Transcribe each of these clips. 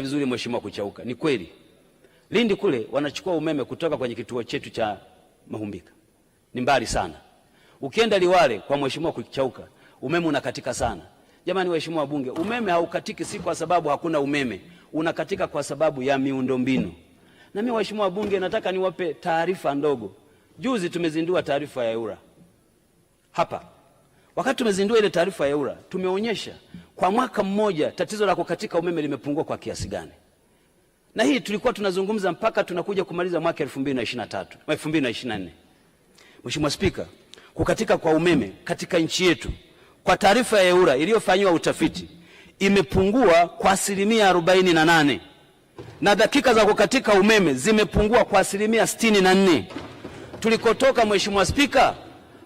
Vizuri mheshimiwa Kuchauka, ni kweli Lindi kule wanachukua umeme kutoka kwenye kituo chetu cha Mahumbika, ni mbali sana. Ukienda Liwale kwa mheshimiwa Kuchauka, umeme unakatika sana. Jamani waheshimiwa wabunge, umeme haukatiki si kwa sababu hakuna umeme, unakatika kwa sababu ya miundombinu. Na mimi waheshimiwa wabunge, nataka niwape taarifa ndogo. Juzi tumezindua taarifa ya EWURA hapa. Wakati tumezindua ile taarifa ya EWURA tumeonyesha kwa mwaka mmoja tatizo la kukatika umeme limepungua kwa kiasi gani? Na hii tulikuwa tunazungumza mpaka tunakuja kumaliza mwaka 2023 2024. Mheshimiwa Spika, kukatika kwa umeme katika nchi yetu kwa taarifa ya EWURA iliyofanyiwa utafiti imepungua kwa asilimia arobaini na nane na dakika za kukatika umeme zimepungua kwa asilimia sitini na nne. Tulikotoka Mheshimiwa Spika,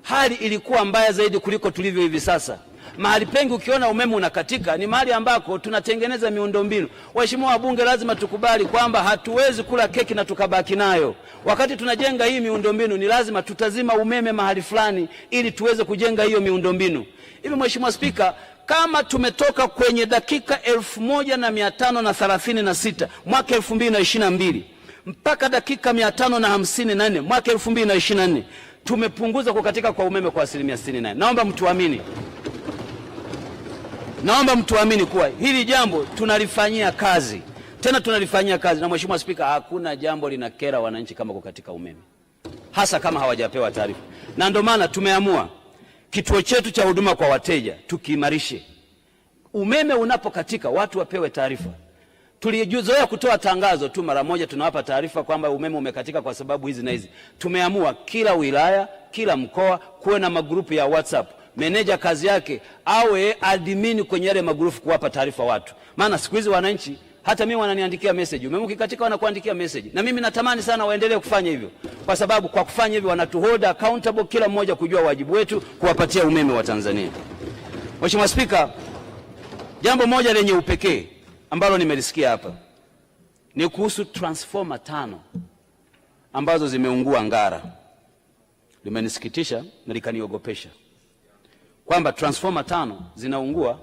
hali ilikuwa mbaya zaidi kuliko tulivyo hivi sasa. Mahali pengi ukiona umeme unakatika ni mahali ambako tunatengeneza miundombinu. Waheshimiwa wabunge, lazima tukubali kwamba hatuwezi kula keki na tukabaki nayo. Wakati tunajenga hii miundombinu, ni lazima tutazima umeme mahali fulani ili tuweze kujenga hiyo miundombinu. Hivi Mheshimiwa Spika, kama tumetoka kwenye dakika elfu moja na mia tano na thelathini na sita mwaka elfu mbili na ishirini na mbili mpaka dakika mia tano na hamsini na nne mwaka elfu mbili na ishirini na nne tumepunguza kukatika kwa umeme kwa asilimia sitini na nane. Naomba mtuamini. Naomba mtuamini kuwa hili jambo tunalifanyia kazi, tena tunalifanyia kazi. Na Mheshimiwa Spika, hakuna jambo linakera wananchi kama kukatika umeme, hasa kama hawajapewa taarifa, na ndio maana tumeamua kituo chetu cha huduma kwa wateja tukiimarishe. Umeme unapokatika watu wapewe taarifa. Tulizoea kutoa tangazo tu mara moja, tunawapa taarifa kwamba umeme umekatika kwa sababu hizi na hizi. Tumeamua kila wilaya, kila mkoa kuwe na magrupu ya WhatsApp meneja kazi yake awe admin kwenye yale magrupu kuwapa taarifa watu, maana siku hizi wananchi hata mimi wananiandikia message, umemuki katika wanakuandikia message, na mimi natamani sana waendelee kufanya hivyo, kwa sababu kwa kufanya hivyo wanatuhold accountable, kila mmoja kujua wajibu wetu kuwapatia umeme wa Tanzania. Mheshimiwa Spika, jambo moja lenye upekee ambalo nimelisikia hapa ni kuhusu transformer tano ambazo zimeungua Ngara. Limenisikitisha na likaniogopesha kwamba transformer tano zinaungua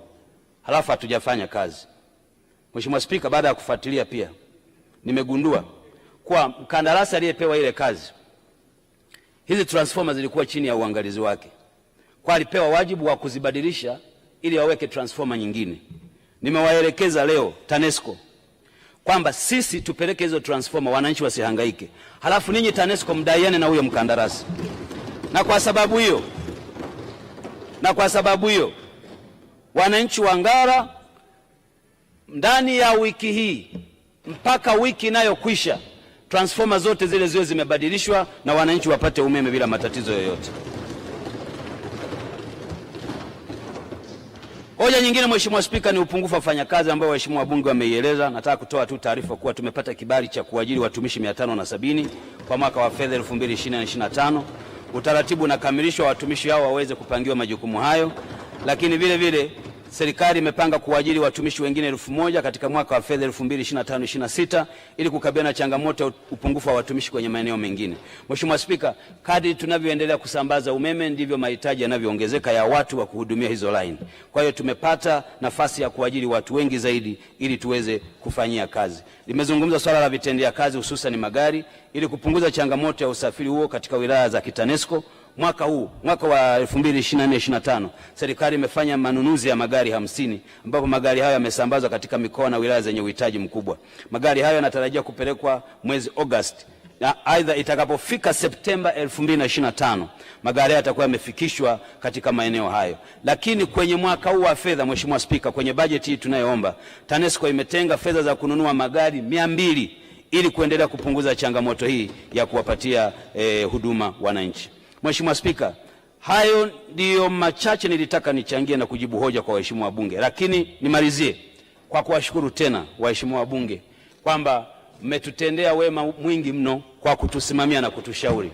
halafu hatujafanya kazi. Mheshimiwa Spika, baada ya kufuatilia pia nimegundua kuwa mkandarasi aliyepewa ile kazi, hizi transformer zilikuwa chini ya uangalizi wake, kwa alipewa wajibu wa kuzibadilisha ili waweke transformer nyingine. Nimewaelekeza leo TANESCO kwamba sisi tupeleke hizo transformer, wananchi wasihangaike, halafu ninyi TANESCO mdaiane na huyo mkandarasi, na kwa sababu hiyo na kwa sababu hiyo wananchi wa Ngara ndani ya wiki hii mpaka wiki inayokwisha transfoma zote zile ziwe zimebadilishwa na wananchi wapate umeme bila matatizo yoyote. Hoja nyingine Mheshimiwa Spika ni upungufu wa wafanyakazi ambao waheshimiwa wabunge wameieleza. Nataka kutoa tu taarifa kuwa tumepata kibali cha kuajiri watumishi 570 kwa mwaka wa fedha 2024/2025 utaratibu unakamilishwa, watumishi hao waweze kupangiwa majukumu hayo, lakini vile vile Serikali imepanga kuajiri watumishi wengine elfu moja katika mwaka wa fedha 2025/26 ili kukabiliana na changamoto ya upungufu wa watumishi kwenye maeneo mengine. Mheshimiwa Spika, kadri tunavyoendelea kusambaza umeme ndivyo mahitaji yanavyoongezeka ya watu wa kuhudumia hizo laini. Kwa hiyo tumepata nafasi ya kuajiri watu wengi zaidi ili tuweze kufanyia kazi. Limezungumza swala la vitendea kazi hususan magari ili kupunguza changamoto ya usafiri huo katika wilaya za Kitanesco mwaka huu mwaka wa 2024 25 serikali imefanya manunuzi ya magari hamsini ambapo magari hayo yamesambazwa katika mikoa na wilaya zenye uhitaji mkubwa. Magari hayo yanatarajiwa kupelekwa mwezi Agosti na aidha, itakapofika Septemba 2025 magari yatakuwa yamefikishwa katika maeneo hayo. Lakini kwenye mwaka huu wa fedha, Mheshimiwa Spika, kwenye bajeti hii tunayoomba, TANESCO imetenga fedha za kununua magari mia mbili ili kuendelea kupunguza changamoto hii ya kuwapatia eh, huduma wananchi. Mheshimiwa Spika, hayo ndiyo machache nilitaka nichangie na kujibu hoja kwa waheshimiwa wabunge, lakini nimalizie kwa kuwashukuru tena waheshimiwa wabunge kwamba mmetutendea wema mwingi mno kwa kutusimamia na kutushauri.